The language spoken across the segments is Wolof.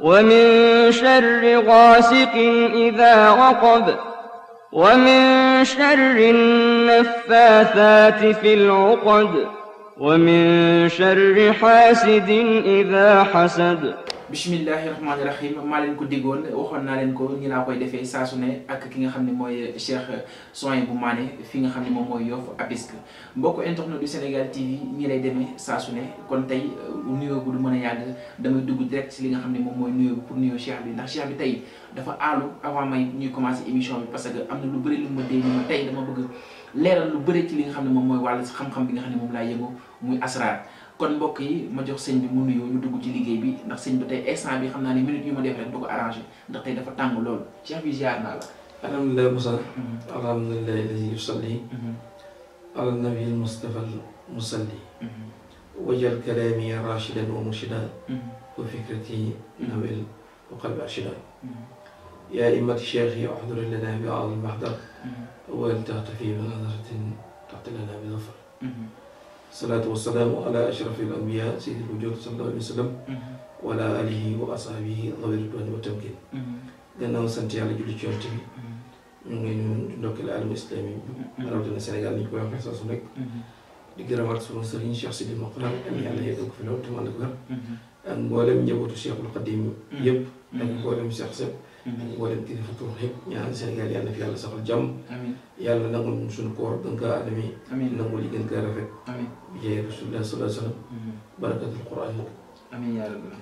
ومن شر غاسق إذا وقب ومن شر النفاثات في العقد ومن شر حاسد إذا حسد bisimillahi rahmaani rahim maa leen ko diggoon waxoon naa leen ko ñi laa koy defee saa su ne ak ki nga xam ne mooy Cheikh Soin bu Mané fi nga xam ne moom mooy Yoff Apisk mbokk internet du Sénégal TV ñi lay demee saa su ne kon tey nuyoo bu du mën a yàgg damay dugg direct si li nga xam ne moom mooy nuyoo pour nuyoo Cheikh bi ndax Cheikh bi tey dafa aalu avant may ñuy commencé émission bi parce que am na lu bëri lu ma dee ni ma tey dama bëgg leeral lu bëri ci li nga xam ne moom mooy wàll xam-xam bi nga xam ne moom laay yëngu muy asrar kon mbokk yi ma jox sëñ bi mu nuyu ñu dugg ci liggéey bi ndax sëñ bi tey instant bi xam naa ne minute yu ma def rek du ko arrangé ndax tey dafa tàng lool cheikh bi ziar naa la alhamdulilah musa alhamdulilah alladhi yusalli ala nabi mustafa musalli wajal kalami rashidan wa murshidan wa fikrati nawil wa qalbi arshidan يا إمة شيخي أحضر لنا بأعظم المحضر وأن تهتفي بنظرة تعطي لنا بظفر الصلاة والسلام على أشرف الأنبياء سيد الوجود صلى الله عليه وسلم وعلى آله وأصحابه ظهر الدين والتمكين لأنه سنتي على جل شيوخ من دوك العالم الإسلامي أنا أقول السنغال نكوي أنا خاصة سنك دكتور مارك سون سرين شيخ سيد المقرن أني على يدك في الأول تمام الأول أن قولم يبوت الشيخ القديم يب أن قولم شيخ سب mboolem kilifa tur yëpp ñaan Sénégal yàlla na fi yàlla saxal jàmm. amiin yàlla nangul ñu suñu koor gën kaa adami. amiin nangul yi gën kaa rafet. amiin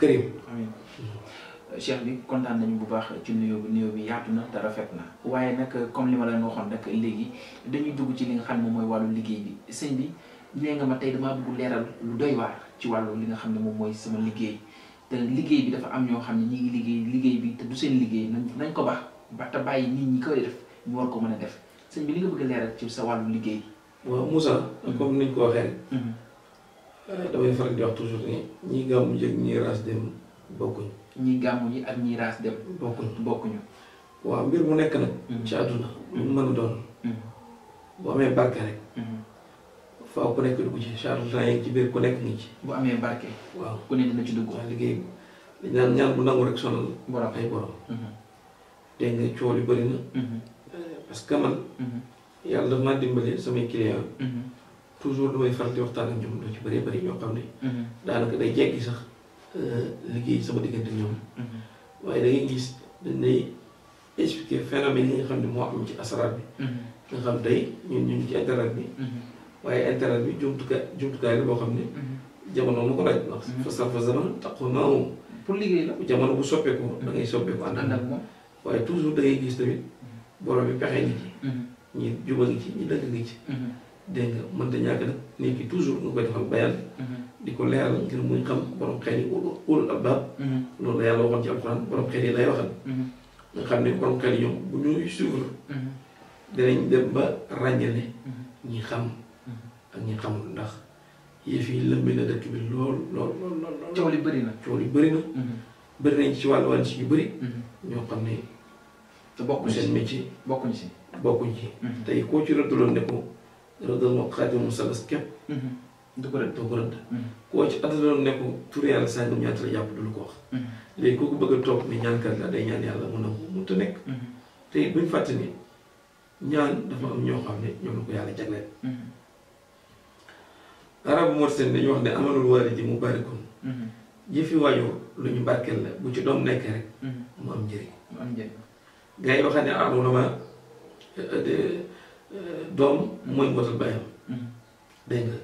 mm-hmm. bi kontaan nañu bu baax ci nuyoo bi nuyoo bi yaatu na te rafet na waaye nag comme li ma leen waxoon nag léegi dañuy dugg ci li nga xam ne moom mooy wàllu liggéey bi sëñ bi nee nga ma tey damaa bëgg leeral lu doy waar ci wàllu li nga xam ne moom mooy sama liggéey te liggéey bi dafa am ñoo xam ne ñi ngi liggéey liggéey bi te du seen liggéey nañ nañ ko ba ba te bàyyi nit ñi koy def ñu war ko mën a def sëñ bi li nga bëgg leeral ci sa wàllu liggéey. waaw Moussa. Mhm. comme nañ ko waxee. Mhm. Euh, damay faral di wax toujours ni ñii gàmmu jëg ñii raas dem bokkuñ. ñii gàmmu yi ak ñii raas dem. bokkuñ bokkuñu. waaw mbir mu nekk na mhm. ci àdduna. lu mën a doon. bu amee barke rek. faaw ku nekk dugg ci charlatan yi ci biir ku nekk ngi ci. bu amee barke. waaw ku ne dina ci dugg. waaw liggéey bi ñaan ñaan bu nangu rek sonal. borom ay borom. Mhm. dégg nga coow li bëri mhm. euh, parce que man. Mhm. yàlla dafa maa dimbale samay clients. toujours damay faral di waxtaan ak ñoom lu ci bëree bëri ñoo xam ne. daanaka day jekki sax euh, liggéey sama diggante ñoom. waaye da gis dañ lay expliquer phénomène yi nga xam ne moo am ci asaraat bi. nga xam tey ñun ñu ngi ci internet bi. waaye internet bi jumtukaay jumtukaay la boo xam ne. Mhm. jamono mu ko laaj ndax. Mhm. fasal fa zaman pour liggéey la jamono bu soppeeku. da ngay soppeeku ànd ak waaye toujours da ngay gis tamit mhm. borom bi pexe ngi ñi juba ngi ci ñi dëgg ngi ci. dégg nga mënta ñàkk nag nit ki toujours nga koy defal bayal. di ko leeral ngir muy xam borom xel yi ulul albaab. loolu la yàlla waxoon ci alxuraan borom xel yi lay waxal. nga xam ne borom xel yi ñoom bu ñuy suivre. dinañ dem ba ak ñi xamul ndax yëf yi lëmbee na dëkk bi lool lool lool lool. coow li bëri na coow li mhm. nañ ci wàllu wàllu si yu bëri. Mhm. ñoo xam ne. te bokkuñ ci seen métier bokkuñ ci. bokkuñ ci. tey koo ci rëddaloon ne ko rëddal ma xaatimu salas képp. Mhm. du ko rëdd du ko rëdd. koo ci addaloon ne ko tur yàlla saa ñu ñaata la jàpp du lu ko wax. léegi kooku bëgg toog ne ñaankat la day ñaan yàlla mën a mënut a nekk. te buñ fàtte ñaan dafa am ñoo xam ne ñoom la ko yàlla jagleel. arab mor seen dañu wax ne amalul waari ji mu barikon jëfi mhm. waajur lu ñu barkeel la bu ci doom nekkee rek mhm. mu am njëriñ gars yi waxaat ne arab ah, dama euh, euh, doom mooy mbootal bàyyam mhm. nga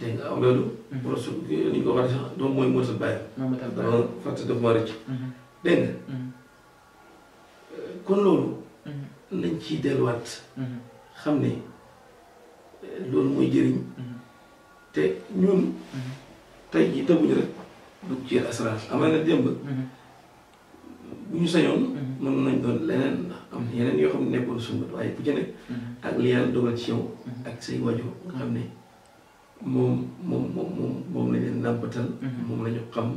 dégg nga am loolu rasul euh, ni ñu ko doom mooy mbootal bàyyam dama fàtte def ma kon loolu nañ ciy delluwaat xam ne loolu mooy jëriñ te ñun tey jii tëbuñu rek dugg ci assurance am na démb bu ñu sañoon mën nañ doon leneen am na yeneen yoo xam ne nekkoon suñu waaye bu nekk ak li yàlla dogal ci yow ak say wajur nga xam ne moom moom moom moom moom la leen xam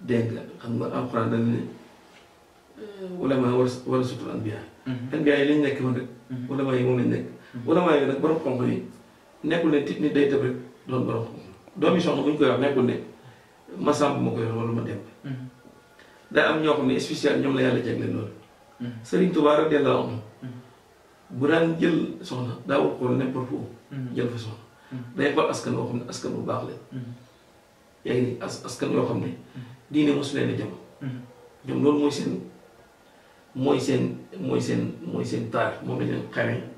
nga xam nga alxuraan a sutul anbiya mhm. anbiya nekk woon rek mhm. moom lañ nekk ulamaa yi nag borom xam-xam yi nekkul ne tit nit day tëb rek doon borom xam-xam doomi soxna bu ñu koy wax nekkul ne ma sàmb ma koy wax wala ma dem mm-hmm. day am ñoo xam ne spécial ñoom la yàlla jagleel loolu mm-hmm. Sëriñ Tuubaa radiyallaahu anhu mm-hmm. bu daan jël soxna daa war ko n'importe où jël fa soxna day xool askan woo xam ne askan bu baax la yaa ngi as askan yoo xam ne diine mosu leen a jëm ñoom loolu mooy seen mooy seen mooy seen mooy seen taar moom la leen xamee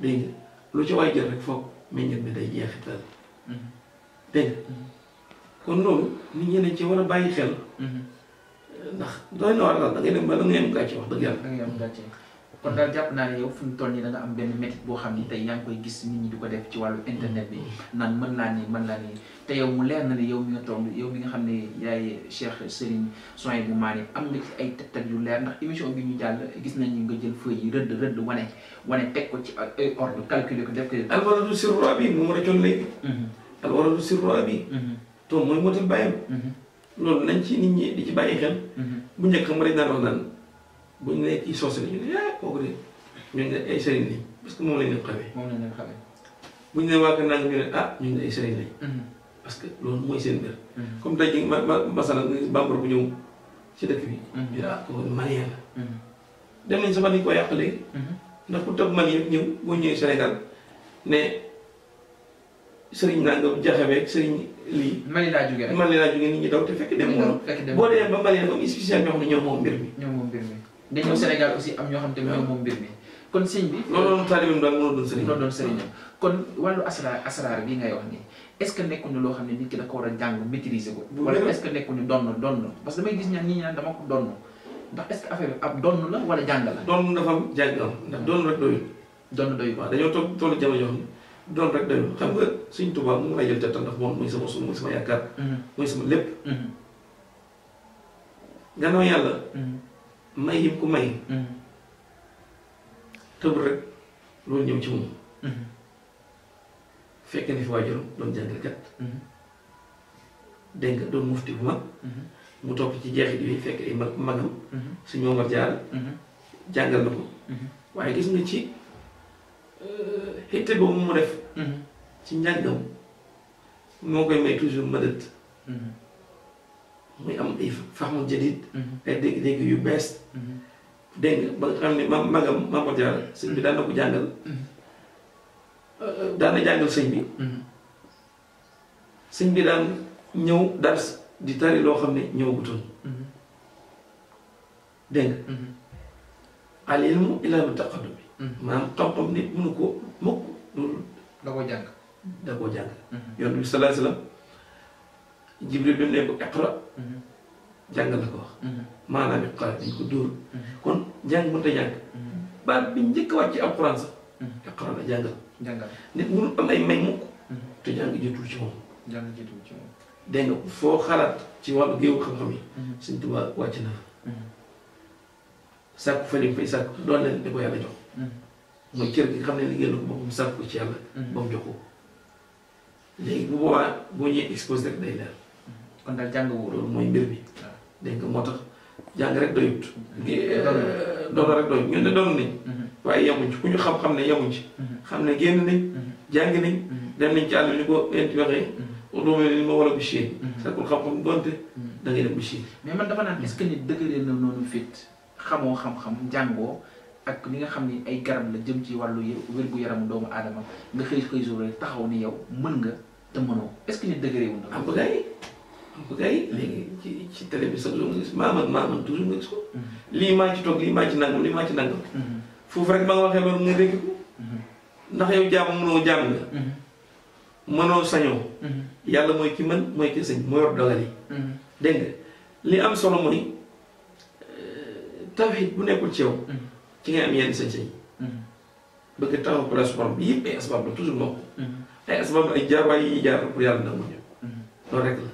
dégg nga lu ci waay jël rek foog meññet bi day jeexital. Mm-hmm. dégg nga mm-hmm. kon loolu nit ñi dañ ci war a bàyyi xel. Mm-hmm. ndax doy na war daal da ngay dem ba da am gàcce wax dëgg yàlla. da ngay am gàcce kon daal jàpp naa ne yow fu mu toll nii da am benn métit boo xam ni tey yaa ngi koy gis nit ñi di ko def ci wàllu internet bi naan mën naa ni mën naa ni. te yow mu leer na ne yow mi nga toog yow mi nga xam ne yaay Cheikh Serigne Sohaibou Mané am nga ci ay tegtal yu leer ndax émission bi ñu jàll gis nañu nga jël feuille yi rëdd rëdd wane wane teg ko ci ay ordre calculer ko def ko. alwaladu sirra bi moom la coono lay. bi. Mhm. toom mooy motal bàyyam. Mhm. loolu nañ ci nit ñi di ci bàyyi mhm. bu njëkk mu dañ daan wax naan bu ñu ah kooku ne ay sëriñ lañ parce que moom lañ leen xamee. moom lañ leen xamee. bu ñu nee waa Kër Nangam ne ah ñooñu ne ay sëriñ lañ. parce que loolu mooy seen mbir. Mm-hmm. comme tey jii ma ma masalan bambara bu ñëw ci dëkk bi. ñu ne ah la. dem nañ sama ni ko yàq léegi. Mm-hmm. ndax ku toog malien yëpp ñëw boo ñëwee Sénégal ne sëriñ nangam jaxeweeg sëriñ lii. Mali laa jógee rek Mali daw te fekk dem. fekk dem boo demee ba malien comme spécial ñoo xam ne ñoom moom mbir mi. ñoom moom mbir mi. dañoo Sénégal aussi am ñoo xam te ñoom moom mbir mi. kon sëñ bi. non non taalibam daal mënoo doon sëriñ. mënoo doon sëriñ kon wàllu bi ngay wax nii est ce que nekkuñu loo xam ne nit ki da ko war a jàng maîtriser ko. wala est ce que nekkuñu donn donn parce que damay gis ñaan ñi ñaan dama ko donn ndax est ce que affaire bi ab donn la wala jàng la. donn dafa am jàng am ndax donn rek doyul. donn doyul waaw dañoo toog toolu jamono yoo xam ne donn rek doyul xam nga suñ tubaab mu ngi lay jël te ndax moom mooy sama suuf mooy sama yaakaar. Mm-hmm. mooy sama lépp. Mm-hmm. gannaaw yàlla. Mm-hmm. may tëb rek loolu ñëw ci moom mhm. fekk ni fi waajuram doon jàngalekat mhm. dégg nga doon mufti bu mag mhm. mu topp ci jeexit yi fekk ay mag magam suñu Omar Jaar jàngal na ko waaye gis nga ci euh, xëtte boobu mu def ci njàngam moo koy may toujours mëdët muy am ay faxmu ay dégg-dégg yu bees dégg nga ba nga xam ne ma magam ma ko jaral sëñ bi daan na ko jàngal mm-hmm. daan na jàngal sëñ bi mm-hmm. sëñ bi daan ñëw dars di tari loo xam ne ñëwagutoon bi taqaddum xam-xam nit mënu ko mukk loolu da koo jàng da koo jàng mm-hmm. yoon bi sallallahu alayhi wa bi mu ne ko iqra jàngal la ko wax maanaam it xale dañ ko dóor mm-hmm. kon jàng mënut a jàng mm-hmm. baat bi njëkk a wàcc ci alxuraan sax iqra mm-hmm. la jàngal nit mënul am ay may mukk te jàng jiitul ci moom jàng foo xalaat ci wàllu géewu xam-xam yi suñ tubaab wàcc na fa sàkku fa lim fay sàkku doon leen di ko jox mooy cër gi xam ne liggéey na ko boppam sàkku ci yàlla ba jox ko léegi bu boobaa boo ñëwee exposé day leer kon daal jàng wóor mooy mbir bi ah. dégg moo tax jàng rek doyut. Mhm. Eh, doon rek doyut ñun ne doon nañ. Mhm. waaye yemuñ ci ku ñu xam-xam ne yemuñ ci. Mhm. xam ne génn nañ. jàng nañ. dem nañ ci àll ñu ko leen ci waxee. ruume li ma war a bûcher. sakul xam-xam mais man dafa naan est-ce que dëgëree na noonu fit xamoo xam-xam jàngoo. ak li nga xam ni ay garab la jëm ci wàllu wér-gu-yaramu doomu aadama nga xëy xëy jour taxaw ni yow mën nga te mënoo est-ce dëgëree wu na. am xam nga kay ci ci bi chaque nga gis maaman maaman toujours nga gis ko. Mhm. lii maa ci toog lii maa ci nangam lii maa ci nangam. Mhm. foofu rek ba nga waxee loolu nga dégg ko. Mhm. ndax yow jaamu mënoo jaam nga. mënoo sañoo. yàlla mooy ki mën mooy ki sañ moo yor dogal yi. li am solo mooy euh, bu nekkul ci yow. ci ngay am yenn sañ-sañ. bëgg taxaw place borom bi yëpp la toujours moo ay asbaab ay jaar waaye yi ñuy jaar pour yàlla nangu ñëw. loolu rek la.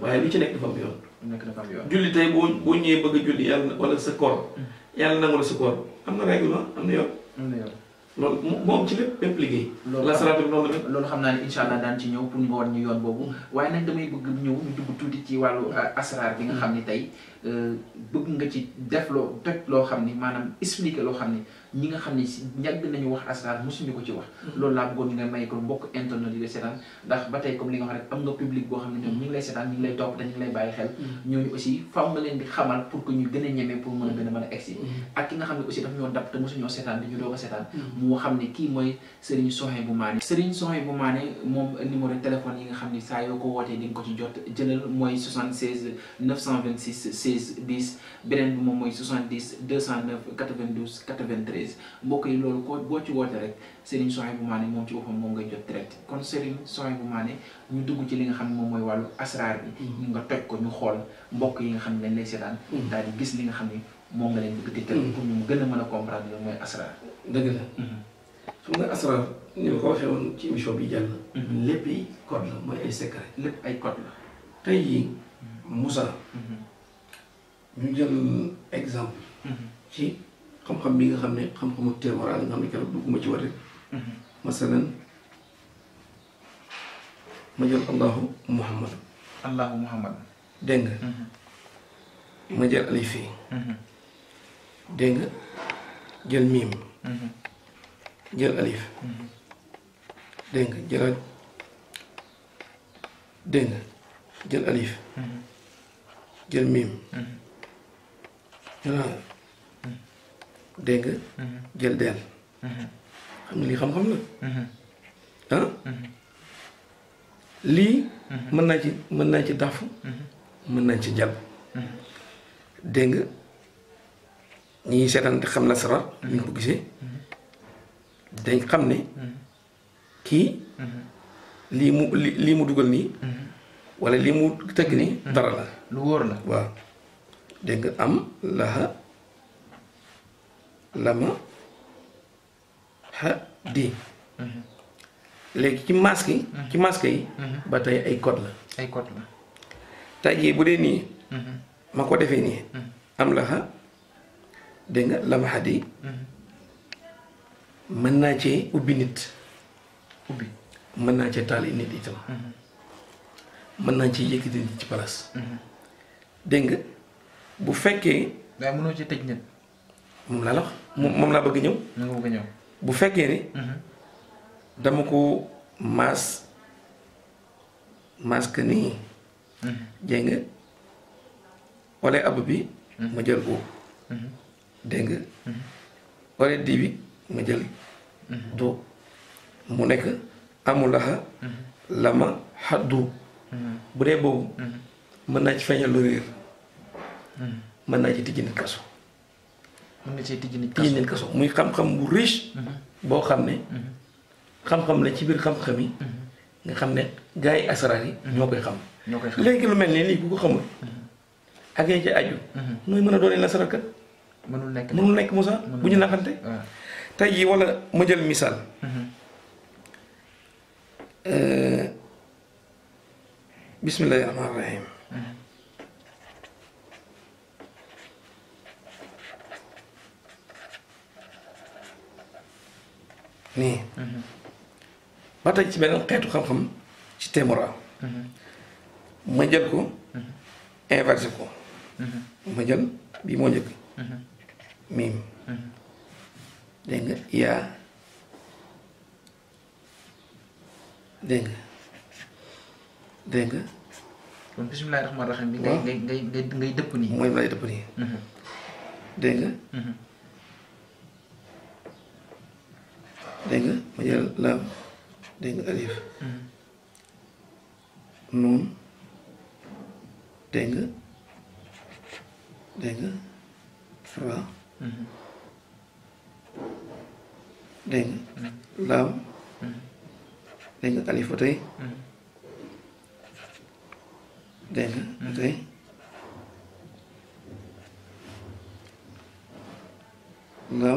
waaye lu ci nekk dafa am yoon. nekk dafa am yoon julli tey boo boo ñëwee bëgg a julli yàlla wala sa koor. Mm. yàlla nangu la sa koor am na règlement ah, am na yoon. am na yoon loolu moom ci lépp bépp liggéey. la salaatu bi noonu loolu xam naa ne incha allah ci ñëw pour nga wan yoon boobu waaye nag damay bëgg ñëw ñu dugg ci wàllu euh, asraar bi nga mm. xam ne tey euh, bëgg nga ci def loo toj loo xam ni maanaam expliquer loo xam ni ñi nga xam ne si yàgg nañu wax asraar mosuñu ko ci wax mm-hmm. loolu laa bëggoon nga may ko mbokk internet yi lay seetaan ndax ba tey comme li wax rek am nga public boo xam ne ñoom ñu ngi lay seetaan ñu ngi lay topp te ñu mm-hmm. nga leen di xamal pour que ñu gën a ñemee pour mën mm-hmm. xam ne aussi daf ñoo dab te mosuñoo seetaan di ñu doog a seetaan mu xam ne kii mooy Serigne Sohe bu Mané Serigne Sohe bu Mané moom numéro téléphone yi nga xam ne saa yoo ko wootee di nga ko ci jot jëlal mooy 76 926 16 10 beneen bi moom mooy 70 209 92 service mbokk yi loolu ko boo ci woote rek Serigne Souhaïbou Mané moom ci boppam moom ngay jot traite kon Serigne Souhaïbou Mané ñu dugg ci li nga xam ne moom mooy wàllu asraar bi mm-hmm. ñu nga toj ko ñu xool mbokk yi nga xam ne dañ lay seetaan mm-hmm. daal di gis li nga xam ne moom nga leen bëgg di tëral mm-hmm. pour gën a mën a comprendre mooy asraar dëgg la su nga asraar ni ma ko waxee woon ci émission bi jàll lépp ay code la mooy ay secret lépp ay code la tey yi Moussa ñu jël exemple ci xam-xam bi nga xam ne xam-xamu témoral nga xam ne keroog dugguma ci wate masalan ma jël allahu muhammad allahu mhm. ma jël alif yi mhm. dégg jël miim mhm. jël alif dégg jël alif jël miim jëlaat dégg nga mhm. jël deel mhm. xam nga lii xam-xam la mhm. ah li mën naa ci mën naa ci daf mën nañ ci jàll dégg nga ñi seetaan te xam na sabar ñu ko gisee dañ xam ne mu li mu dugal nii wala li mu tëgg nii dara la lu wóor la waaw dégg am lah. la xa di léegi ci masque yi ci masque yi ba tey ay code la ay code la bu dee nii mhm. ma ko defee nii mhm. am la xa dégg nga xa di mhm. mën naa cee ubbi nit ubbi mën naa cee taal nit itam mën naa cee yëkkati nit ci palaas dégg nga bu fekkee waaye mënoo ci tëj nit moom laa la wax moom laa bëgg ñëw. moom bëgg ñëw. bu fekkee ni. Mhm. dama ko mas maas que nii. Mhm. dégg ab bi. Mhm. ma jël ko. dégg nga. di bi ma jël. mu lama haddu bu dee boobu. mën naa ci lu ci mën na cee tijji nit kaso muy xam-xam bu riche. Mm-hmm. boo xam ne. Mm-hmm. xam-xam la ci biir xam-xam yi. Mm-hmm. nga xam ne gars yi asaraar yi. ñoo koy xam. ñoo koy lu mel ne lii bu ko xamul. ak yéen ci aju. nooy mën a doon nasarakat. mënul nekk mënul nekk Moussa bu ñu naxante. tey jii wala ma jël misaal. Euh, bismillahi rahmaani rahim. nii mhm. ba ci beneen xeetu xam-xam ci témoral mhm. ma jël ko mhm. inversé ko ma jël bii moo njëkk miim dégg nga yaa dégg nga dégg nga kon bismillaahi rahmaani bi ngay ngay ngay dëpp nii mooy lay dëpp nii dégg dégg nga ma jël laam dégg nga alif nuun dégg nga dégg nga ra dégg nga laam dégg nga alif ba tey dégg nga ba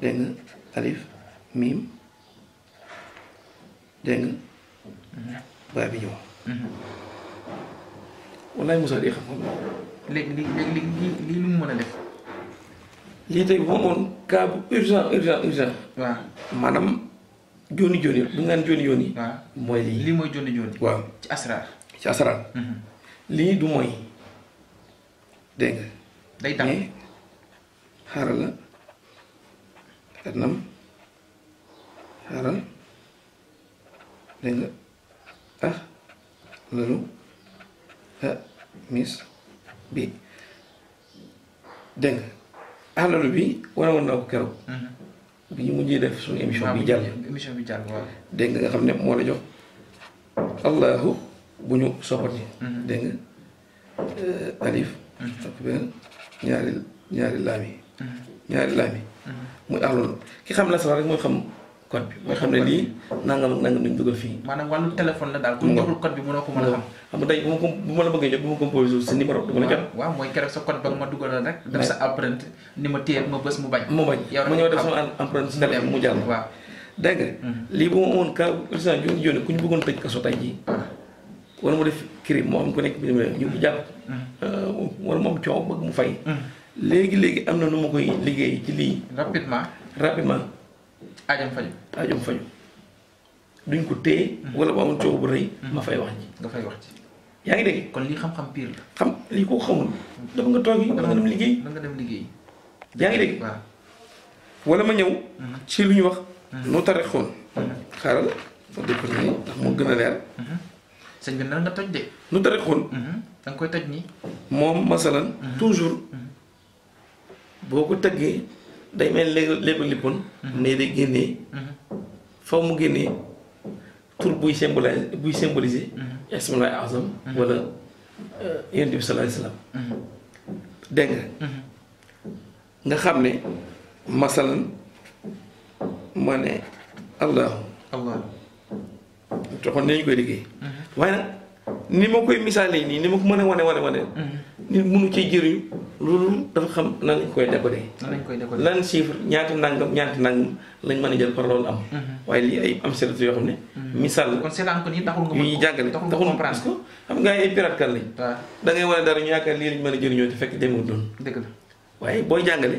tey alif miim dégg nga baa mhm. bi ñëw mhm. wallaay Moussa di xam xam léegi léegi lii lu mu mën a def lii tey bu amoon cas urgent urgent urgent waaw maanaam jóoni jóoni bu nga naan jóoni jóoni waaw mooy lii lii mooy jóoni jóoni waaw ci asraar ci asraar mhm. lii du mooy dégg nga day xaaral la xaram xaram dégg nga ah lalu ah mis bi dégg nga ah lalu bi wane woon naa ko keroog. bi ñu mujjee def suñu émission bi jàll. émission bi jàll waaw. dégg nga nga xam ne moo la jox allahu bu ñu soppati. dégg nga alif. ak benn ñaari ñaari laam yi. ñaari laam yi. muy ahlul ki xam la lasrar rek moy xam code bi moy xam ne li nangam ak nangam dañ dugal fi manam walu telephone la dal ku joxul code bi mënoo ko mëna xam xam day tey bu ko bu ma la bëgg jot bu ma composé ci numéro du ma la jot waaw mooy keroog sa code ba ma la rek def sa empreinte ni ma téye ma bëss mu bañ mu bañ yow ma ñëw def sama empreinte ci téléphone mu jall wa dégg mhm. li bu mu won ka président joon joon ku ñu bëggoon tëj kaso tay ji wala mu def crime mo am ko nek bi ñu jàpp mhm. euh, wala mo am ciow bëgg mu fay mhm. léegi léegi am na nu ma koy liggéey ci lii. rapidement rapidement. aajam faju aajam faju duñ ko téye. Mhm. wala bu amul coow bu rëy. Mhm. ma fay wax ci nga fay wax ci. yaa ngi dégg. kon lii xam-xam pire la. xam lii ko xamul. nga toog yi dafa dem liggéey. dafa nga liggéey. yaa ngi dégg. waaw ma ñëw. Mhm. lu ñu wax. nu tare xoon. xaaral wax gën a leer. sëñ bi nan nga toj de. nu tare xoon. da nga koy toj nii. moom masalan. toujours. boo ko tëggee day mel ni léegi lippon ne mhm. day génnee mhm. faw mu génnee tur buy symboliser buy symboliser mhm. ismullah azam wala euh, yonent bi sallallahu alayhi wasallam dégg nga xam ne masalan ma ne allahu allahu toxoon nañu koy liggéey waaye nag ni ma koy misaalee nii ni ma ko mën a wane wane wane. Mm-hmm. nit mënu ci jëriñu loolu dafa xam na lañ koy décoder. nan lañ koy décoder lan chiffre ñaata nangam ñaata nangam lañ mën a jël par loolu am. Mm-hmm. waaye lii ay am service yoo xam ne. Mm-hmm. misaal kon seetaan ko nii taxul nga mën jàngale taxul comprendre parce que xam nga ay pirate kan lañ. waaw ah. da ngay wane dara ñu yaakaar lii lañ mën a jëriñoo te fekk demewul doon. dëgg waaye booy jàngale.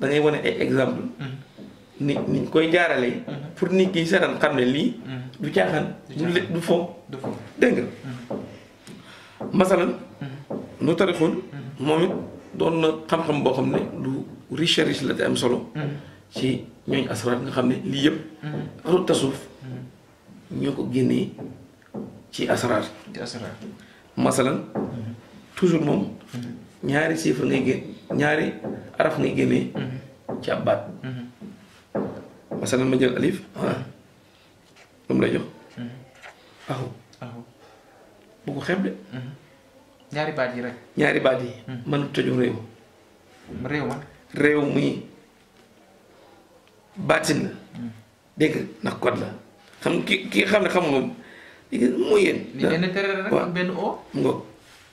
da ngay wane ay exemple ni niñ koy jaarale mhm. pour nit ki seetaan xam ne lii mhm. du caaxaan du du fo dégg nga mhm. masalan nu tarixul moom it doon na xam-xam boo xam ne lu riche riche la te am solo ci ñooñ asraar nga xam ne lii yëpp aru tasuuf ñoo ko génnee ci asraar masalan toujours moom ñaari chiffre ngay génn ñaari araf ngay génnee ci ab baat masalan ma jël alif ah moom lay jox. ahu ahu bu ko xeeb de. ñaari baat yi rek. ñaari baat yi. man tëjoo réew. réew ma réew muy baatin la. Hmm. dégg ndax code la xam ki ki xam ne xam li benn tere rek benn o.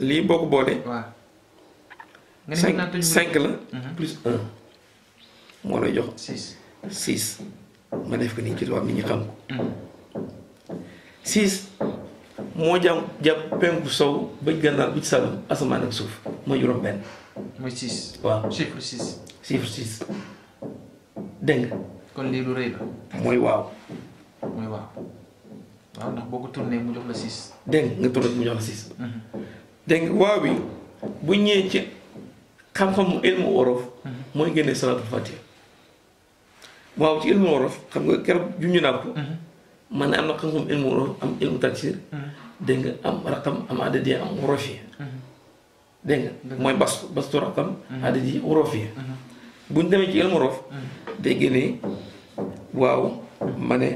lii boo ko boolee. cinq la. plus un moo lay jox. six six. ma def ko nii ci tubaab nit ñi xam ko. Mm-hmm. six moo jàmm jàpp penku sow bëj gànnaar bu ci asamaan ak suuf mooy juróom benn. mooy six. waaw chiffre six. nga. kon mooy waaw. mooy waaw. waaw ndax mu jox la six. dégg nga tourné mu mm-hmm. dégg nga waaw bi bu ñëwee ci xam-xamu ilmu orof. Mm-hmm. mooy génne salaatul fatiha. waaw ci ilmu wolof xam nga keroog junj naa ko. Mhm. man am na xam-xam ilmu wolof am ilmu taksir. Mhm. dégg am raqam am adadi am worofi. Mhm. dégg nga mooy bastu bastu raqam. adadi worofi. bu ñu demee ci ilmu wolof. dégg nga ni waaw ma ne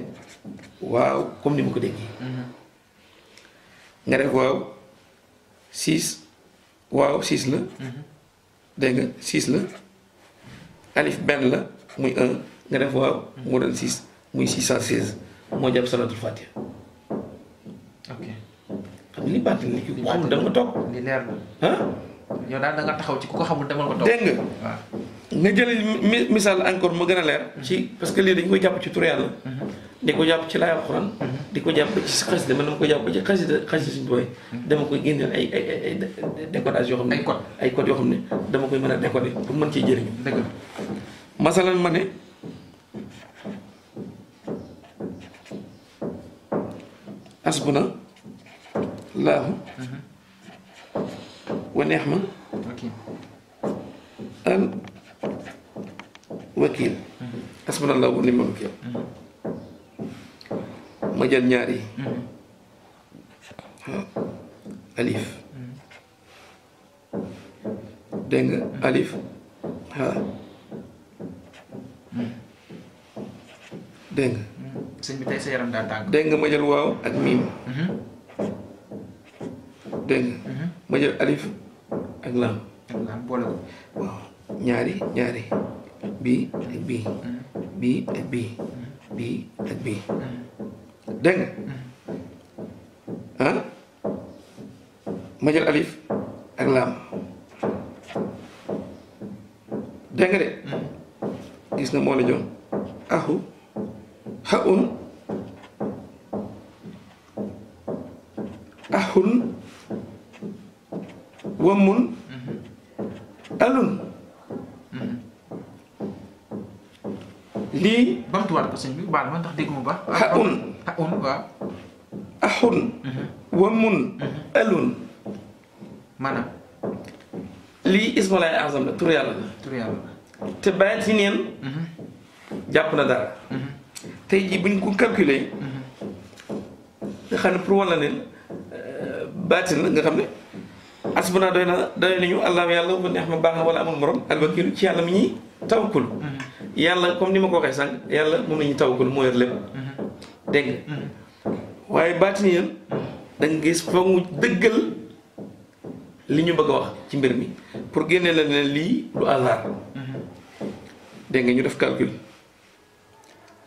waaw comme ni ma ko déggee. nga def waaw six waaw six la. dégg nga la. alif benn la muy un. nga def waaw mu doon six muy 616 mo japp salatul fatiha ok xam ni bàtt ni ko xamul dama tok ni leer la ah yo dal da nga taxaw ci ku ko xamul demal ko tok deng nga jël misal encore mo gëna leer ci mhm. parce que li dañ koy japp ci tour yalla mhm. di ko jàpp ci laay alquran mhm. di ko jàpp ci xasida man dama ko japp ci xasida xass ci boy dama koy génneel ay ay ay décoration yo xamni ay code ay code yo xamni dama koy mëna a décoder pour mën ci jëriñu deug masalan mané asbuna laahu mhm. wa ni'ma al wakiil mhm. asbuna laahu wa ni'ma mhm. ma jël ñaar yi alif dégg alif haa dégg sëñ bi tey sa yaram daa tàng. dégg nga ma jël waaw ak miim. Deng. nga. ma jël alif ak laam. ak laam boole ko. waaw ñaari ñaari bii ak bii. bii ak bii. bii ak bii. Deng. nga. ah ma jël alif ak lam. Deng nga de. gis na mo la jox ahu. xa'un axun wamun alun lii bamtuwaat ko sëñ bi baal ma ndax dégg mu baax xa'un xa'un waaw axun mhm. mhm. la tur la tur la te bàyyi ci mhm. na dara tay ji buñ ko calculer euh, nga pour wala len ne nga xamne asbuna doyna na doy nañu allah yalla bu neex ma bax wala amul morom alwakilu ci yalla mi ñi tawkul yalla comme nima ko waxe sang yalla mu ñi tawkul mo yor lepp deg waye waaye baatin ya, da nga gis fa mu deggal li ñu bëgg wax ci mbir mi pour génne la li du hasard deg nga ñu def calcul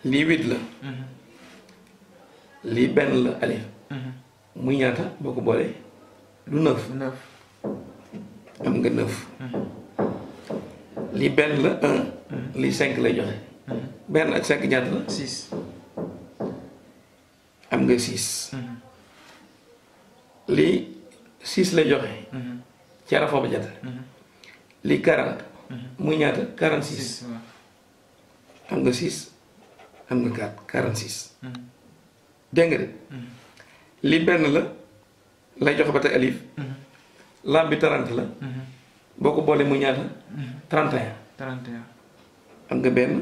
lii huit la mm-hmm. lii benn la alif mm-hmm. muy ñaata boo ko boolee neuf am nga neuf mm-hmm. lii benn la lii cinq lay joxe benn ak cinq ñaata la six am nga six lii six lay joxe ci arafa ba jata lii quarante muy ñaata quarante six am nga six xam nga 4 46. dégg nga de. li ben la lay jox ba tey alif. la bi 30 la. boko bolé mu ñaata. 31. 31. am nga ben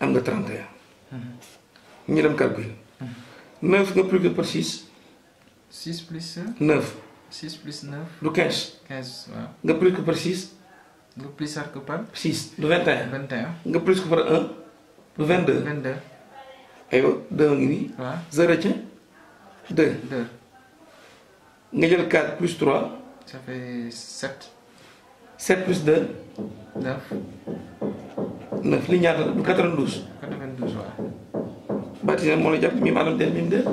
am nga 31. ñi dem calcul. 9 nga plus que par 6. 6 plus 9. 6 plus 9. du 15. 15 nga plus que par 6 nga ya. eh? plus ko par 6 du 21 21 nga plus ko par 1 du 22 22 aywa 2 ngi ni waaw 0 ci 4 plus 3 ça fait 7 7 plus 2 9 9 li ñaata du 92 92 waaw batina mo la japp mi manam del mim de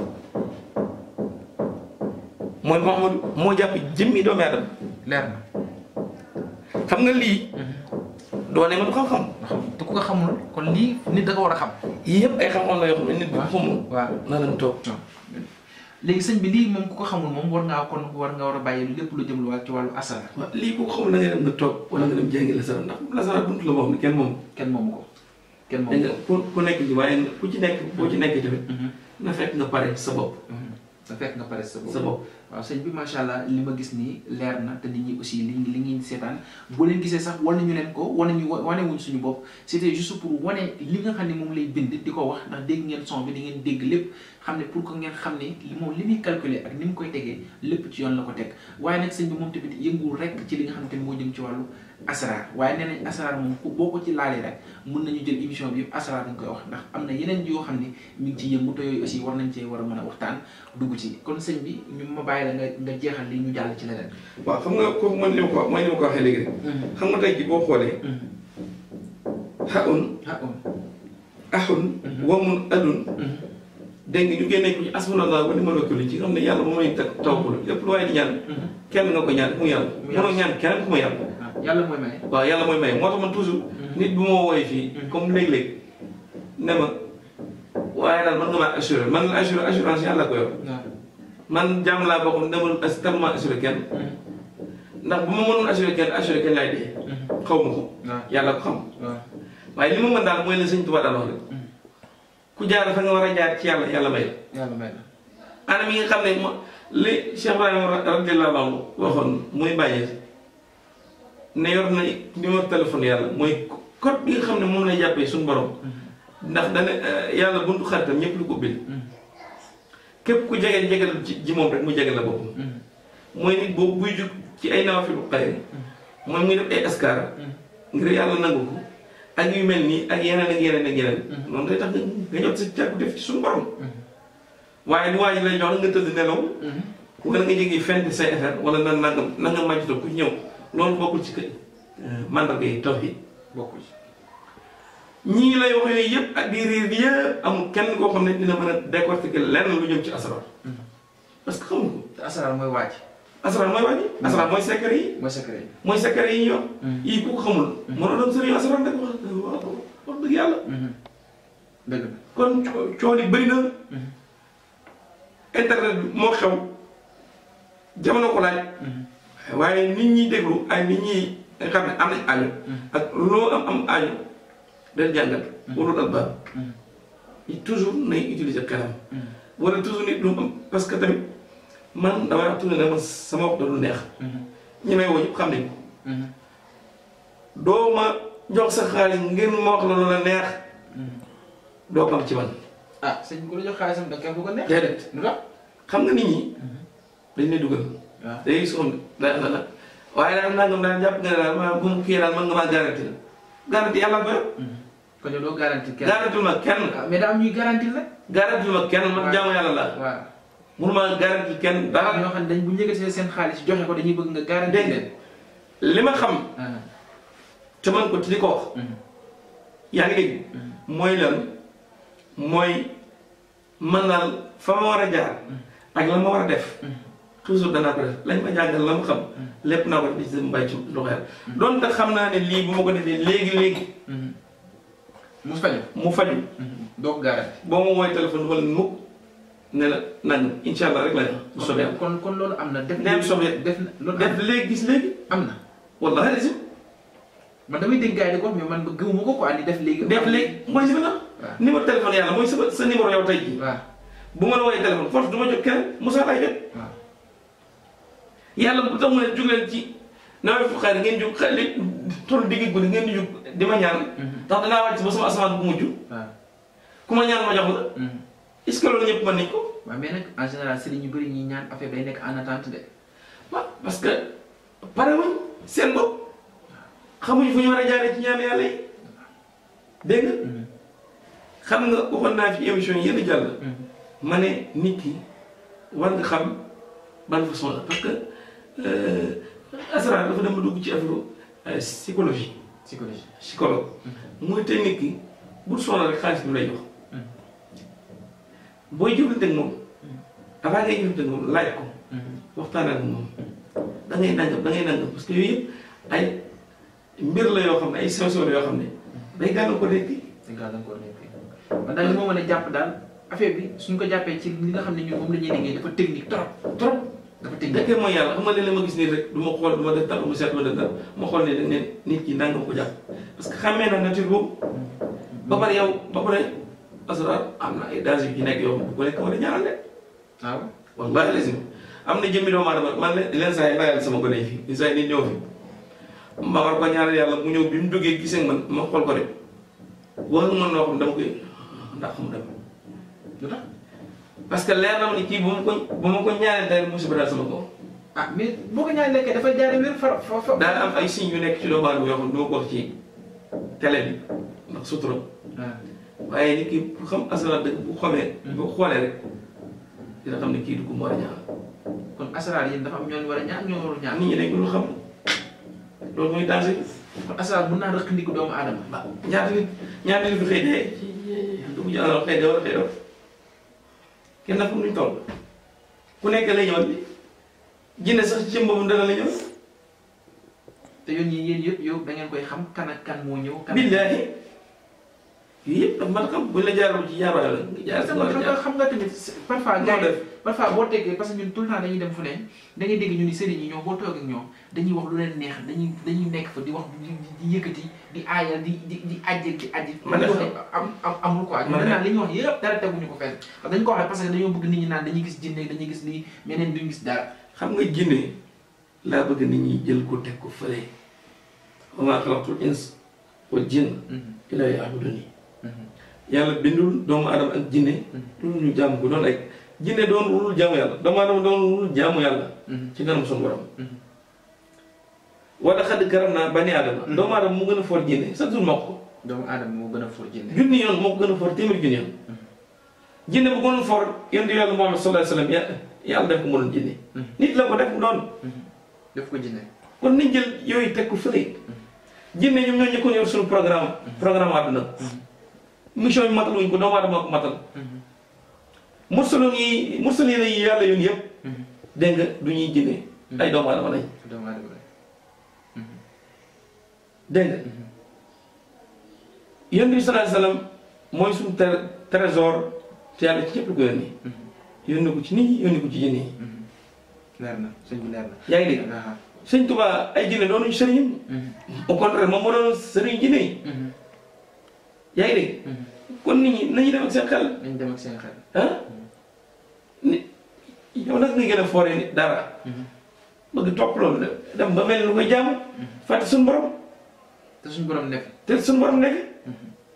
moy mohammed mo japp jëmmi lerna. xam nga lii. doone ma du xam-xam. te ku ko xamul kon lii nit da ko war a xam. yii yëpp ay xam-xam la yoo xam ne nit bu ko xamul. bi lii moom ku ko xamul moom war ngaa kon war nga war a bàyyi lépp lu jëm lu wàll ci wàllu asara. lii ku ko xamul da ngay dem na toog wala nga dem jàngi lasara ndax lasara buntu la boo xam ne kenn moomu. kenn moomu ko kenn moomu ko ku nekk ci waaye ku ci nekk boo ci nekk tamit. Mm-hmm. na fekk nga pare sa bopp. Mm-hmm. na fekk nga pare sa sa bopp. waaw sëñ bi macha allah li ma gis nii leer na te nit ñi aussi li li ngeen seetaan boo leen gisee sax wan ñu leen ko wan nañu wane wuñ suñu bopp c'était juste pour wane li nga xam ne moom lay bind di ko wax ndax dégg ngeen son bi di ngeen dégg lépp xam ne pour que ngeen xam ne moom li muy calculer ak ni mu koy tegee lépp ci yoon la ko teg waaye nag sëñ bi moom tamit yëngul rek ci li nga xam ne moo jëm ci wàllu asrar waaye nee nañ asrar moom boo ko ci laalee rek mën nañu jël émission bi yëpp asrar dañ koy wax ndax am na yeneen yoo xam ne mi ngi ci yëngu te yooyu aussi war nañ cee war a mën a waxtaan dugg ci kon bi ñu ma bàyyi la nga nga ñu jàll ci leneen. waaw xam man li ma ko mooy ma ko waxee léegi rek. Mm-hmm. xam nga tey boo xoolee. xaun. Mm-hmm. xaun. axun. Mm-hmm. wamun adun. dégg nga ñu ci asmanallah wa ni'mal wakil ci ne yàlla moom la ñu ñaan. kenn nga ko ñaan mu yàlla. mu yàlla mënoo ñaan kenn ku yàlla yàlla mooy maye. waaw yàlla moo tax man toujours. Mm-hmm. nit bu ma woowee fii. comme léeg-léeg ne ma waaye daal man nga maa assuré man assuré assurance yàlla ko yor. man jàmm laa bokk ne ma as tellement assuré kenn. Mm-hmm. ndax bu ma mënoon assuré kenn assuré kenn laay dee. Mm-hmm. xaw ma ko. yàlla ko xam. waaye li ma mën daal mooy la sëñ Tuubaa daal wax rek. ku jaar fa nga war a jaar ci yàlla yàlla may la. yàlla may la. anam yi nga xam ne li Cheikh Ibrahima radiyallaahu anhu muy bàyyi. ne yor na numéro téléphone yàlla mooy code bi nga xam ne moom lay jàppee suñu borom. ndax dana eh, yàlla buntu xaritam ñëpp lu ko bil mm. képp ku jege jege ci ji moom rek mu jege la boppam. Mm. mooy nit boobu buy jug ci ay nawafil bu xayri mm. mooy muy def ay yàlla nangu ko ak yu mel nii ak yeneen ak yeneen ak yeneen. noonu day tax nga jot sa càkku def ci suñu borom. waaye li waa ji lay jox nga tëdd nelaw. wala nga jege fent sa affaire wala na nangam na nga màcc ñëw. loolu bokkul ci kay euh, mandarga yi tawhid bokkul ci ñii lay wax yooyu yëpp ak di réer yëpp amul kenn koo xam ne dina mën a décortiquer lenn lu jëm ci asrar mm-hmm. parce que xamuñ ko. te mooy waaj. asrar mooy waaj. Mm-hmm. asrar mooy secret yi. mooy secret yi mooy secret yi ñu yor. Mm-hmm. yii ku ko xamul. mënoo doon sëriñ asrar rek wax wax dëgg yàlla. dëgg la kon coono yi bëri na. internet moo xew jamono ko laaj. waaye nit ñi déglu ak nit ñi nga xam ne am nañ aajo mm. ak loo am am aajo del jàngal warul ak baax toujours nay utiliser xelam mm. wala toujours nit lu am parce que tamit man dama tudd ne man sama wax da du neex mm-hmm. ñi may xam nañ mm-hmm. doo ma jox sa xaalis ngir ma wax la neex mm-hmm. doo ko ci man ah sëñ bi ku la jox xaalisam da ko neex déedéet xam nga nit ñi dañ lay dugal da waaye daal nangam daal jàpp nga ne daal maanaam bu mu kii daal mën nga maa garanti la garanti yàlla ko yor. Hmm. kon doo garanti kenn. Ah, garanti la. garanti ma kenn man garanti kenn. dara ñoo xam ne bu seen xaalis joxe ko dañuy bëgg nga garanti leen. li ma xam. Ah. te man ko ci li ko hmm. hmm. mooy lan mooy man daal fa ma war a jaar. ak la ma war a def. toujours danaa ko def ma jàngal la mu xam lépp naa ko def ci mbay ci xam naa ne lii bu ma ko defee léegi léegi mu mu faju boo ma woowee wala mu ne la nañ incha kon kon loolu am na def na soobee def def léegi gis léegi am na wallaahi rajo man damay dégg gars yi ko ko quoi ni def léegi def léegi mooy mooy sa sa numéro yow tey jii bu ma la woowee force du jot kenn Moussa lay jot yàlla bu tax mu ne jug leen ci nawet fu xaar ngeen jug xale toll digg guddi ngeen di jug di ma ñaan. Mhm. ndax danaa wàcc ba sama asamaan bu mujj. waaw ku ma ñaan ma jox la. Mhm. est ce loolu nañ ko. waaw mais ñu bëri ñuy ñaan affaire day nekk en attente de. waaw parce que pare wuñ seen bopp xamuñ fu ñu war a jaaree ci ñaan yàlla yi dégg mhm. xam nga waxoon naa fi émission yi yenn jàll. ma nit ki war nga xam ban façon la parce que. Euh, asaraan dafa dem dugg ci affaire euh, psychologie. psychologie psychologue. muy technique bi bu soxla rek xaalis bi lay jox. Hmm. booy jëfandikoo ak moom. Hmm. avant ngay jëfandikoo ak moom laaj ko. Hmm. waxtaan ak moom. da ngay nangam da ngay yooyu yëpp ay mbir la yoo xam ne ay sew sew la yoo xam ne. day gàllankoor nekk. day gàllankoor nekk man mën a jàpp daal affaire bi suñ ko jàppee ci li nga xam ne ñun moom la ñuy liggéey dafa technique trop trop. dafa tëj nekkee mooy yàlla xam nga ma gis nii rek du ma xool du ma def dara du ma seet ma ne ne nit ki nangam ko jàpp parce que xàmmee na nature boobu ba pare yow ba pare asrar am na ay danger yu nekk yoo xam a ñaanal leen na jëmmi doomu aadama man la leen saa yi bàyyal sama gone yi fii saa yi nit ñëw fi ma war ko ñaanal yàlla mu ñëw bi mu duggee gisee man ma xool ko rek wax nga man noo dama koy ah, ndax xam dama parce que leer na ma kii bu ma ko bu ma ko ñaanee tey musiba daal sama kaw. ah mais boo ko ñaanee nekkee dafay jaaree wér fa fa. daal am ay signes yu nekk ci doomu aadama yoo xam ne doo ko wax ah. ki bu hmm. xam asalaam du a xëy dee. du mu ñaanal xëy dee xëy dee kenn xamul nuñ toll ku nekk la yoon bi jinne sax ci boppam dana la ñëw. te yoon yi yéen yëpp yow da ngeen koy xam kan ak kan moo ñëw. kan billaahi yii yëpp nag man xam buñ la jaarul ci xam nga tamit parfois gars yi boo déggee parce que ñun tout dañuy dem fu ne dangay dégg ñu ni sëriñ yi ñoom boo dañuy wax lu leen neex dañuy dañuy nekk fa di wax di yëkkati di aayal di di di ajjal man am am amul quoi ñu naan li ñuy wax yëpp dara teguñu ko fenn parce que dañu ko waxee parce que dañoo bëgg nit ñi naan dañuy gis jinne dañuy gis lii meneen duñu gis dara xam nga jinne laa bëgg nit ñi jël ko teg ko fële wa maa xalaqtul insa wal jinna mm-hmm. illaa liya'budun yàlla bindul doomu adama ak jinne lu mm-hmm. ñu jàmm ko doon ay jinne doon wulul jaamu yàlla doomu adama doon wulul jaamu yàlla mm-hmm. ci kanam suñu borom mm-hmm. wala xadd karam naa bani adama doomu adama mu gën a for jinne chaque jour moo ko doomu adama moo gën a for jinne junni yoon moo ko gën a for téeméer jinne bu gënoon ko mu jinne nit la ko ko jinne kon nañ programme programme àdduna mission bi mataluñ ko doomu aadama ko matal. Mhm. mursaloon yi mursaloon yi yàlla yoon yëpp. Mhm. dégg nga du ñuy jëlee. Mhm. ay doomu aadama lañ. doomu aadama lañ. dégg nga. yéen bi sallallahu alayhi wasallam mooy suñu trésor ci ñëpp lu ko yónni. yónni ko ci nit ñi yónni ko ci jën yi. leer na sëñ bi leer na. yaa ngi dégg sëñ Tuubaa ay jinne doonuñu sëriñam. au contraire jinne yaay ngi hmm. kon nit ñi nañu dem ak seen xel. nañu dem ak seen xel. ah nit yow nak ngay gëna foré fooree dara. Hmm. bëgg topp loolu dem ba mel lu nga jamm fat sun borom. te sun borom nek te sun borom nek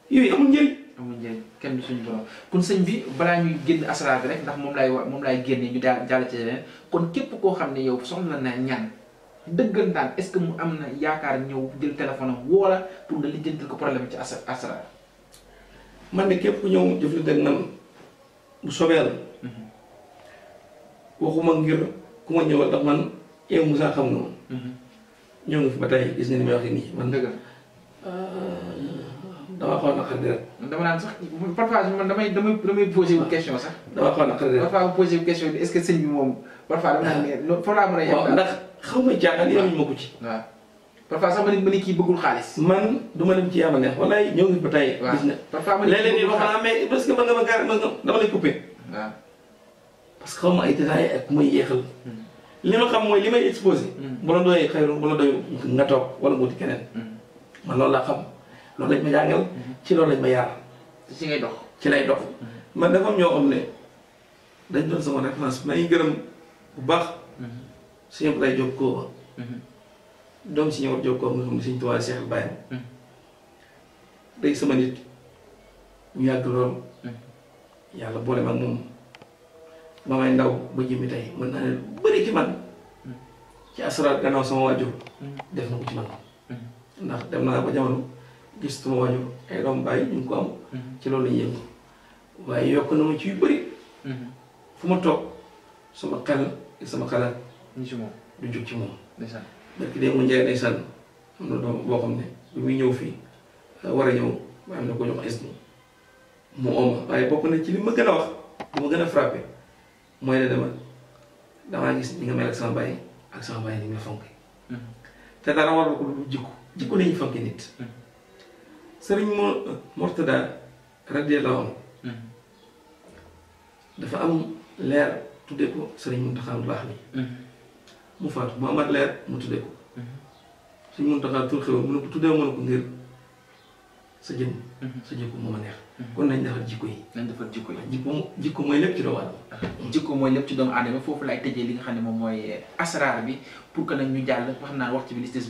yoy amu ñëri amu ñëri kenn du sun borom kon señ bi bala ñuy génn asra bi rek ndax mom lay mom lay laay ñu dal jàll ci leneen kon képp ko xam yow soxla na ñaan. dëggantaan est-ce que mu amna yaakar ñew jël téléphone wala pour nga lijjantil ko problème ci asra asra. man ne képp ku ñëw jëflante ak bu soobee la waxuma ngir ku ma ñëwal ndax man yow Moussa xam nga ma ñëw nga fi ba tey gis nii man dëgg euh, damaa xaw a naqari rek. dama naan sax parfois man damay damay damay posé question sax. damaa xaw a naqari rek parfois posé question bi est sëñ bi moom parfois dama ne. foofu laa mën a yem ndax xaw ma jaaxal yow ñu ma ko ci. waaw. parfois sax ma ne ma ne kii bëggul xaalis. man du ma dem ci yàlla neex walaay ñëw ngi ba tey. waaw gis na parfois ma ne léeg-léeg nii wax naa mais parce que mën nga ma gaar mën nga dama lay coupé. waaw parce que xaw ma ay détails ak may yéexal. Hmm. li ma xam mooy li may exposé. Hmm. bu la doyee xayru bu la doyul nga toog wala nga wuti keneen. Hmm. man loolu laa xam loolu lañ ma jàngal. ci loolu lañ ma yar. ci ngay dox ci lay dox. man dafa ñoo am ne dañ doon sama référence maa ngi gërëm bu baax. suñu lay jóg koo ba. doom si ñëw jokkoo nga xam ne Sëriñ Tuubaa Seex Baay hmm. day sama nit ñu yàgg lool hmm. yàlla boole ma ak moom ba may ndaw ba jëmmi tey mën naa ne lu bëri ci man hmm. ci asaraat gannaaw sama waajur def na ko ci man ndax dem naa ba jamono gis sama waajur ay doom bàyyi ñu ko am ci loolu lañu yëngu waaye yokk na ma ci yu bëri fu ma toog suma xel sama xalaat du jóg ci moom dëkk de mu njaay ndeysaan am na doom boo xam ne bi muy ñëw fii euh, war a ñëw ma am na ko jox is mu ooma waaye bokk na ci li ma gën a wax li ma gën a frappé mooy ne dama damaa gis ni nga mel ak sama bàyyi ak sama bàyyi ni nga fonk hmm. te dara warul ko lu jikko jikko nañu fonk nit hmm. sëriñ mo euh, Mortada radiyallahu anhu hmm. dafa am leer tudde ko sëriñ Muntaxa Mbacké mu faatu mu amaat mu tuddee ko suñ mun taxaa tur xew mu ne ko tuddee mën ko ngir su jëmm sa jikko moo ma neex mhm. kon nañ defar jikko yi nañ defar jikko yi jikko jikko mooy lépp ci doomu aadama ah, jikko lépp ci doomu aadama foofu laay tëjee li nga xam ne moom mooy eh, asraar bi pour que nag ñu jàll xam naa wax ci bi listes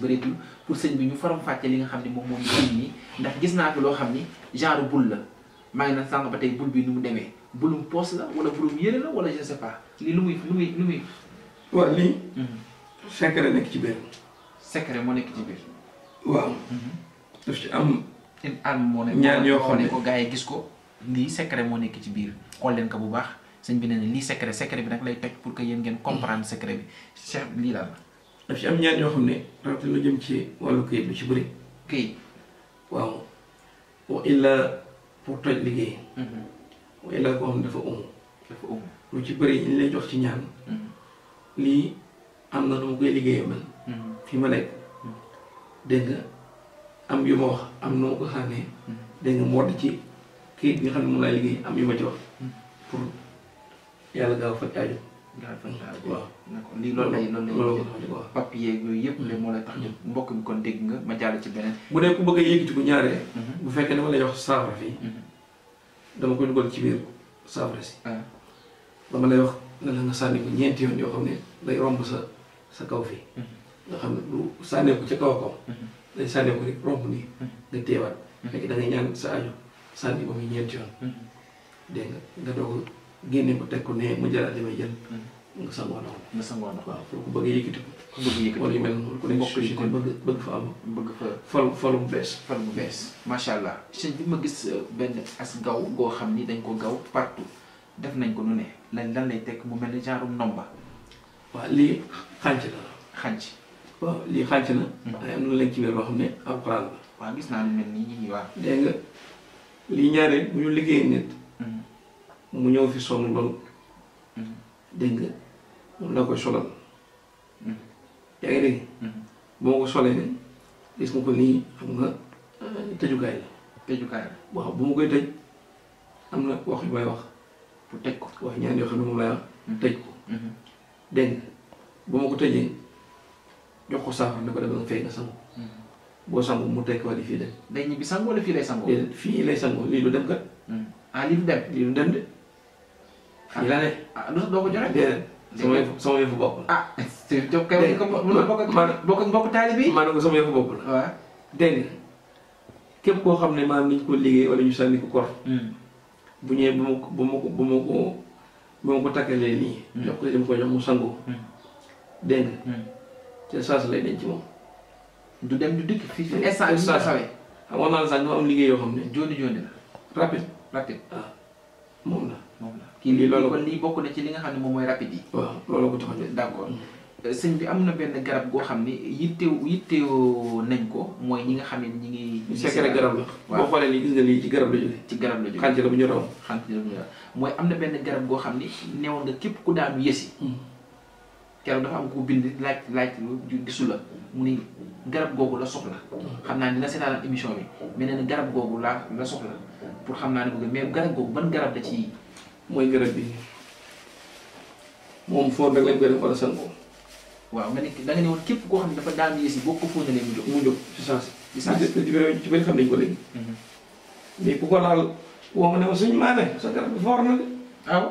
pour sëñ bi ñu faram fàcce li nga xam ne moom moom ñu nii ndax gis naa fi loo xam ni genre bul la maa ngi naan sànq ba tey bul bi nu mu demee bulum poos la wala bulum yëre la wala je ne sais lu muy lu muy lu muy waaw lii. Mhm. secret nekk ci biir. secret moo nekk ci biir. waaw. Mhm. daf ci am. une arme moo ñaar yoo xam ne ko gars yi gis ko. lii secret moo nekk ci biir xool leen ko bu baax sëñ bi nee na lii secret secret bi nag lay toj pour que yéen ngeen comprendre secret bi cheikh lii ci am yoo xam ne rawatina lu jëm ci wàllu këyit lu ci bëri. këyit. waaw. wa illa pour toj liggéey. Mhm. wa illa koo xam dafa umu. dafa umu lu ci bëri ñu lay jox ci ñaan. lii am na nu mu koy liggéeyee man hmm. fi ma nekk hmm. dégg am yu ma wax am nu ma ko xàmmee hmm. dégg nga mu xam ne moom am yu ma ci wax pour yàlla gaaw faj aajo daal fan laa waaw lii loolu lay loolu lay yëpp la moo lay tax mbokk mi kon dégg nga ma jàll ci beneen bu dee ku bëgg a yëkkati bu ñaaree bu fekkee dama lay wax saafara fii dama koy dugal ci biir saafara si ah. dama lay wax la nga sànni ko ñeenti yoon yoo xam ne day romb sa sa kaw fii nga xam ne lu sànneeku ca kaw a kaw day sànneeku rek romb nii nga téewaat fekk da ngay ñaan sa aju sànni ba muy ñeenti yoon dégg nga nga doog génne ko teg ko ne mu jëlaat li may jël nga sangoo ndox nga sangoo ndox waaw pour ku bëgg a ko ku bëgg yëkkati wala yu mel noonu ku nekk ci ko bëgg fa am bëgg fa fol bees fol bu bees macha allah sëñ bi ma gis benn as gaw goo xam ni dañ ko gaw partout def nañ ko nu ne lan lan lay tekk mu mel ni genre ndomba. waaw lii xànc la. xànc. waaw lii xànc na. Mm. am na lañ ci biir boo xam ne alxuraan la. waaw gis naa lu mel nii waaw. dégg nga lii ñaareel bu ñu liggéeyee nit. Mm. mu ñëw fi sonn lool. Mm. dégg nga moom koy solal. yaa ngi dégg. boo ko solee ne gis nga ko nii xam nga tëjukaay la. tëjukaay la waaw bu ma koy tëj am na wax yu may wax. pour teg ko waaye ñaan yoo xam ne moom laa tëj ko dégg bu ma ko tëjee jox ko saafara ne ko demal nga fay nga fii dem day ñibbi sangu wala fii lay sangu fii ah, de fii laa ne ah, ah, sama yëfu bokk ak bokk bi maa ne ko sama yëfu képp koo xam ne maanaam ni ñu ko liggéey wala ñu sànni ko kor hmm. bu ñëwee bu ma ko bu ma ko bu ma ko ko takkalee nii. Hmm. jox ko dem ko jox mu sangu. Hmm. dégg nga. Hmm. te saa si dikk fii fii instant bi nga sawee. xam nga naa liggéey yoo xam ne. jooni jooni la. rapide rapide waaw ah, moom la. moom loolu kon lii bokk na ci li nga xam ne moom mooy rapide yi. loolu ko tax a d' accord. sëñ bi amna benn garab go xamni yitté yitté nañ ko moy ñi nga xamni ñi ngi. secret garab la bo xolé lii gis nga lii ci garab la jóge. ci garab la jóge xànc la bu ñu raw. xànc la bu ñu raw moy amna benn garab go xamni ni nga kep ku daanu yesi hmm. kéro dafa am ko bind laaj laaj gisu la mu ni garab gogu la soxla. Hmm. xamna ni la sétal émission bi mais na garab gogu la la soxla pour xamna ni mais garab gogu ban garab da ci. moy garab bi mom fo rek lañ def wala waaw nga nekk da ne woon képp koo xam ne dafa daan yées yi boo ko fóonalee mu jóg mu jóg ci sens ci sens ci bëri xam nañ ko léegi mhm. mais ku ko ma ne ma suñu bi foor ah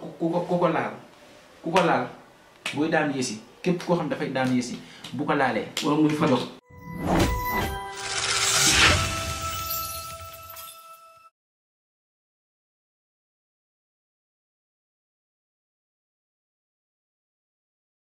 ko ku ko ku ko laal ku ko laal booy daan yées yi képp koo xam dafay daan yées yi bu ko laalee wala muy fa jóg